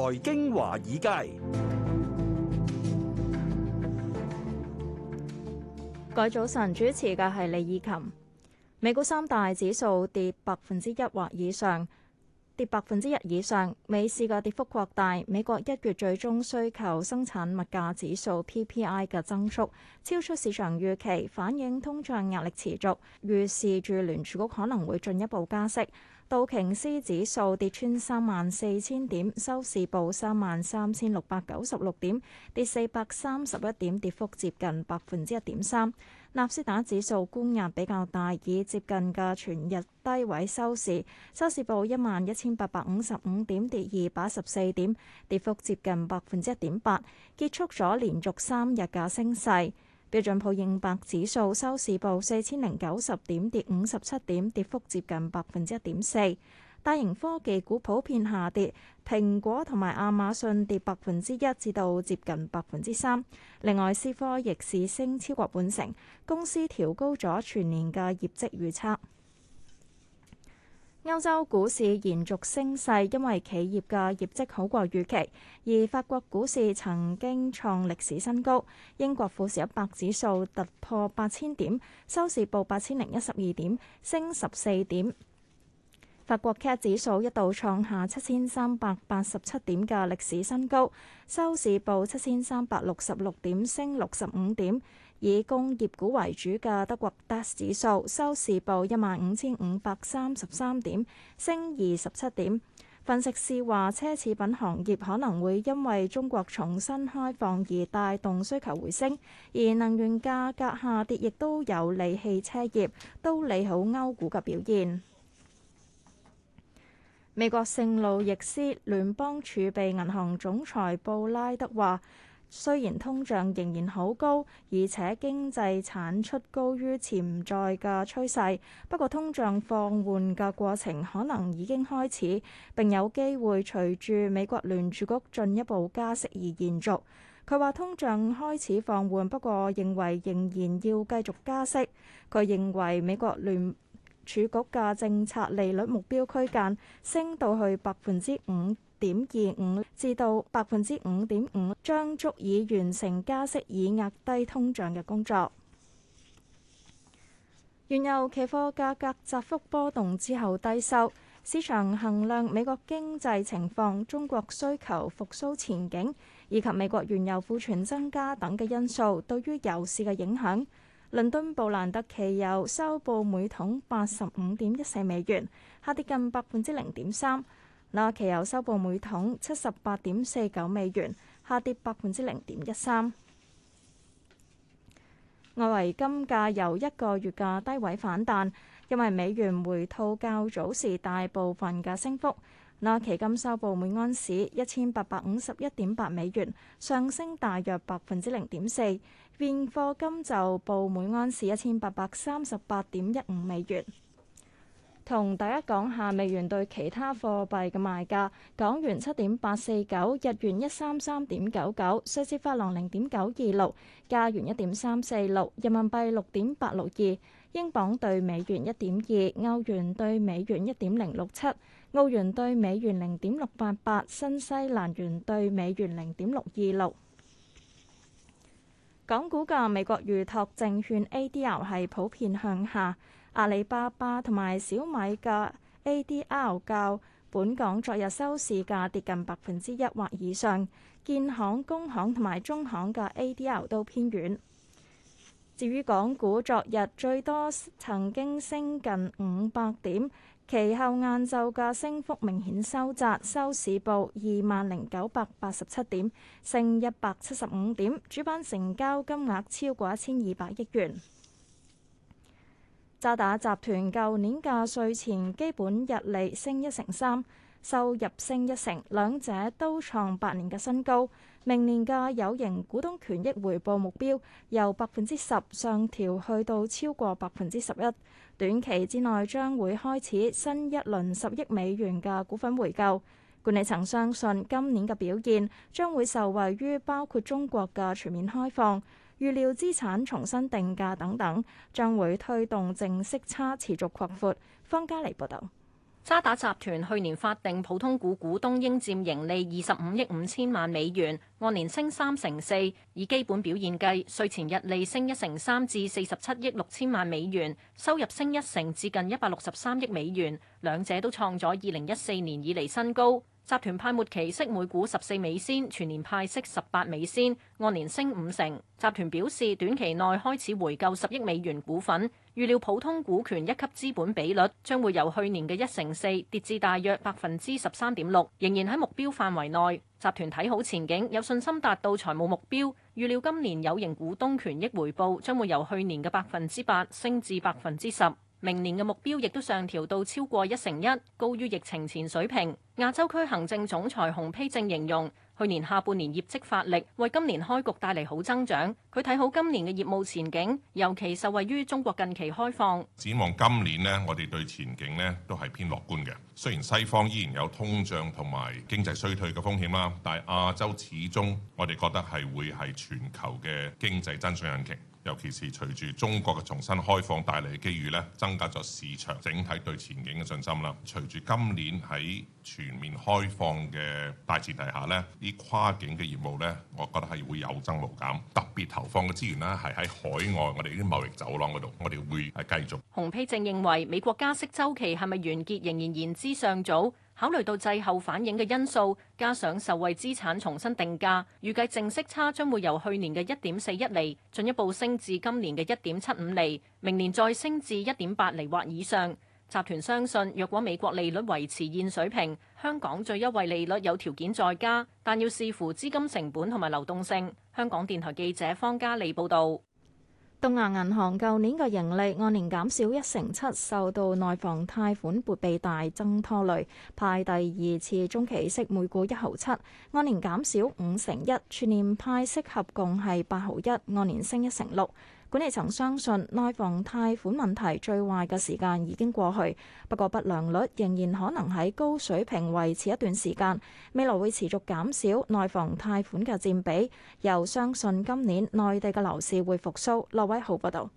財經華爾街，改早晨主持嘅係李以琴。美股三大指數跌百分之一或以上，跌百分之一以上。美市嘅跌幅擴大。美國一月最終需求生產物價指數 PPI 嘅增速超出市場預期，反映通脹壓力持續，預示住聯儲局可能會進一步加息。道瓊斯指數跌穿三萬四千點，收市報三萬三千六百九十六點，跌四百三十一點，跌幅接近百分之一點三。納斯達指數沽壓比較大，以接近嘅全日低位收市，收市報一萬一千八百五十五點，跌二百十四點，跌幅接近百分之一點八，結束咗連續三日嘅升勢。標準普爾五百指數收市報四千零九十點，跌五十七點，跌幅接近百分之一點四。大型科技股普遍下跌，蘋果同埋亞馬遜跌百分之一至到接近百分之三。另外，思科逆市升超過半成，公司調高咗全年嘅業績預測。歐洲股市延續升勢，因為企業嘅業績好過預期，而法國股市曾經創歷史新高。英國富時一百指數突破八千點，收市報八千零一十二點，升十四點。法國 CAC 指數一度創下七千三百八十七點嘅歷史新高，收市報七千三百六十六點，升六十五點。以工業股為主嘅德國 DAX 指數收市報一萬五千五百三十三點，升二十七點。分析師話，奢侈品行業可能會因為中國重新開放而帶動需求回升，而能源價格下跌亦都有利汽車業，都利好歐股嘅表現。美國聖路易斯聯邦儲備銀行總裁布拉德話。雖然通脹仍然好高，而且經濟產出高於潛在嘅趨勢，不過通脹放緩嘅過程可能已經開始，並有機會隨住美國聯儲局進一步加息而延續。佢話通脹開始放緩，不過認為仍然要繼續加息。佢認為美國聯儲局嘅政策利率目標區間升到去百分之五點二五至到百分之五點五，將足以完成加息以壓低通脹嘅工作。原油期貨價格窄幅波動之後低收，市場衡量美國經濟情況、中國需求復甦前景以及美國原油庫存增加等嘅因素對於油市嘅影響。倫敦布蘭特期油收報每桶八十五點一四美元，下跌近百分之零點三。那期油收報每桶七十八點四九美元，下跌百分之零點一三。外圍金價由一個月嘅低位反彈，因為美元回吐較早時大部分嘅升幅。那期金收報每安士一千八百五十一點八美元，上升大約百分之零點四。現貨金就報每安士一千八百三十八點一五美元。同大家講下美元對其他貨幣嘅賣價：港元七點八四九，日元一三三點九九，瑞士法郎零點九二六，加元一點三四六，人民幣六點八六二，英鎊對美元一點二，歐元對美元一點零六七，澳元對美元零點六八八，新西蘭元對美元零點六二六。港股嘅美國預託證券 ADR 係普遍向下。阿里巴巴同埋小米嘅 ADR 較本港昨日收市價跌近百分之一或以上，建行、工行同埋中行嘅 ADR 都偏軟。至於港股昨日最多曾經升近五百點，其後晏晝嘅升幅明顯收窄，收市報二萬零九百八十七點，升一百七十五點，主板成交金額超過一千二百億元。渣打集團舊年嘅稅前基本溢利升一成三，收入升一成，兩者都創八年嘅新高。明年嘅有形股東權益回報目標由百分之十上調去到超過百分之十一。短期之內將會開始新一輪十億美元嘅股份回購。管理層相信今年嘅表現將會受惠於包括中國嘅全面開放。預料資產重新定價等等，將會推動正息差持續擴闊。方家嚟報道。渣打集團去年法定普通股股東應佔盈利二十五億五千萬美元，按年升三成四。以基本表現計，稅前溢利升一成三至四十七億六千萬美元，收入升一成至近一百六十三億美元，兩者都創咗二零一四年以嚟新高。集團派末期息每股十四美仙，全年派息十八美仙，按年升五成。集團表示，短期內開始回購十億美元股份，預料普通股權一級資本比率將會由去年嘅一成四跌至大約百分之十三點六，仍然喺目標範圍內。集團睇好前景，有信心達到財務目標，預料今年有形股東權益回報將會由去年嘅百分之八升至百分之十。明年嘅目標亦都上調到超過一成一，高於疫情前水平。亞洲區行政總裁洪丕正形容，去年下半年業績發力，為今年開局帶嚟好增長。佢睇好今年嘅業務前景，尤其受惠於中國近期開放。展望今年呢，我哋對前景呢都係偏樂觀嘅。雖然西方依然有通脹同埋經濟衰退嘅風險啦，但係亞洲始終我哋覺得係會係全球嘅經濟增長引擎。尤其是隨住中國嘅重新開放帶嚟嘅機遇咧，增加咗市場整體對前景嘅信心啦。隨住今年喺全面開放嘅大前提下呢，啲跨境嘅業務咧，我覺得係會有增無減。特別投放嘅資源呢，係喺海外我哋啲貿易走廊嗰度，我哋會係繼續。洪丕正認為美國加息周期係咪完結，仍然言之尚早。考慮到滯後反應嘅因素，加上受惠資產重新定價，預計淨息差將會由去年嘅一點四一厘進一步升至今年嘅一點七五厘，明年再升至一點八厘或以上。集團相信，若果美國利率維持現水平，香港最優惠利率有條件再加，但要視乎資金成本同埋流動性。香港電台記者方嘉利報導。東亞銀行舊年嘅盈利按年減少一成七，受到內房貸款撥備大增拖累。派第二次中期息每股一毫七，按年減少五成一，全年派息合共係八毫一，按年升一成六。管理層相信內房貸款問題最壞嘅時間已經過去，不過不良率仍然可能喺高水平維持一段時間。未來會持續減少內房貸款嘅佔比，又相信今年內地嘅樓市會復甦。羅偉豪報道。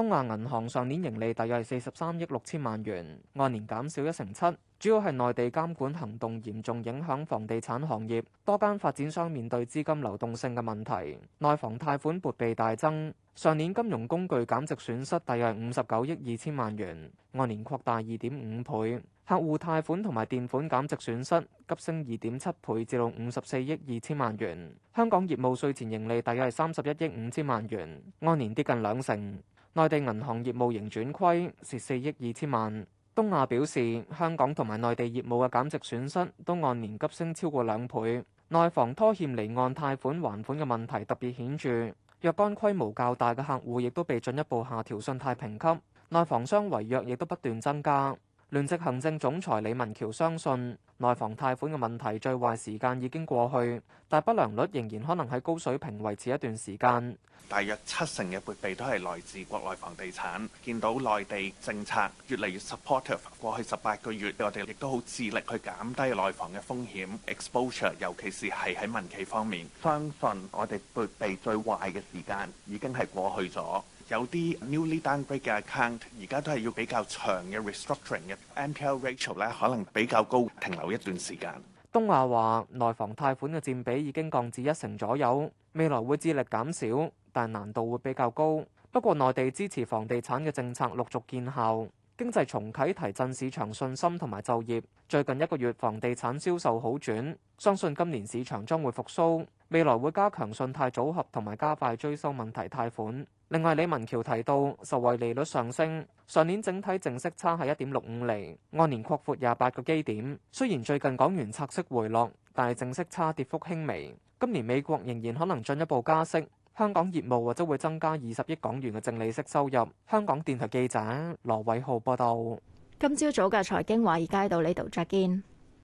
東亞銀行上年盈利大約係四十三億六千萬元，按年減少一成七，主要係內地監管行動嚴重影響房地產行業，多間發展商面對資金流動性嘅問題，內房貸款撥備大增。上年金融工具減值損失大約五十九億二千萬元，按年擴大二點五倍。客戶貸款同埋墊款減值損失急升二點七倍，至到五十四億二千萬元。香港業務稅前盈利大約係三十一億五千萬元，按年跌近兩成。內地銀行業務盈轉虧，蝕四億二千萬。東亞表示，香港同埋內地業務嘅減值損失都按年急升超過兩倍。內房拖欠離岸貸款還款嘅問題特別顯著，若干規模較大嘅客戶亦都被進一步下調信貸評級。內房商違約亦都不斷增加。聯席行政總裁李文橋相信，內房貸款嘅問題最壞時間已經過去，但不良率仍然可能喺高水平維持一段時間。大約七成嘅撥備都係來自國內房地產。見到內地政策越嚟越 supportive，過去十八個月我哋亦都好致力去減低內房嘅風險 exposure，尤其是係喺民企方面。相信我哋撥備最壞嘅時間已經係過去咗。有啲 newly downgrade 嘅 account 而家都係要比較長嘅 restructuring 嘅 NPL ratio 咧，可能比較高停留。一段時間，東亞話內房貸款嘅佔比已經降至一成左右，未來會致力減少，但係難度會比較高。不過，內地支持房地產嘅政策陸續見效，經濟重啟提振市場信心同埋就業。最近一個月房地產銷售好轉，相信今年市場將會復甦。未來會加強信貸組合同埋加快追收問題貸款。另外，李文橋提到，受惠利率上升，上年整體淨息差係一點六五厘，按年擴闊廿八個基點。雖然最近港元拆息回落，但係淨息差跌幅輕微。今年美國仍然可能進一步加息，香港業務或者會增加二十億港元嘅淨利息收入。香港電台記者羅偉浩報道。今朝早嘅財經華爾街到呢度再見。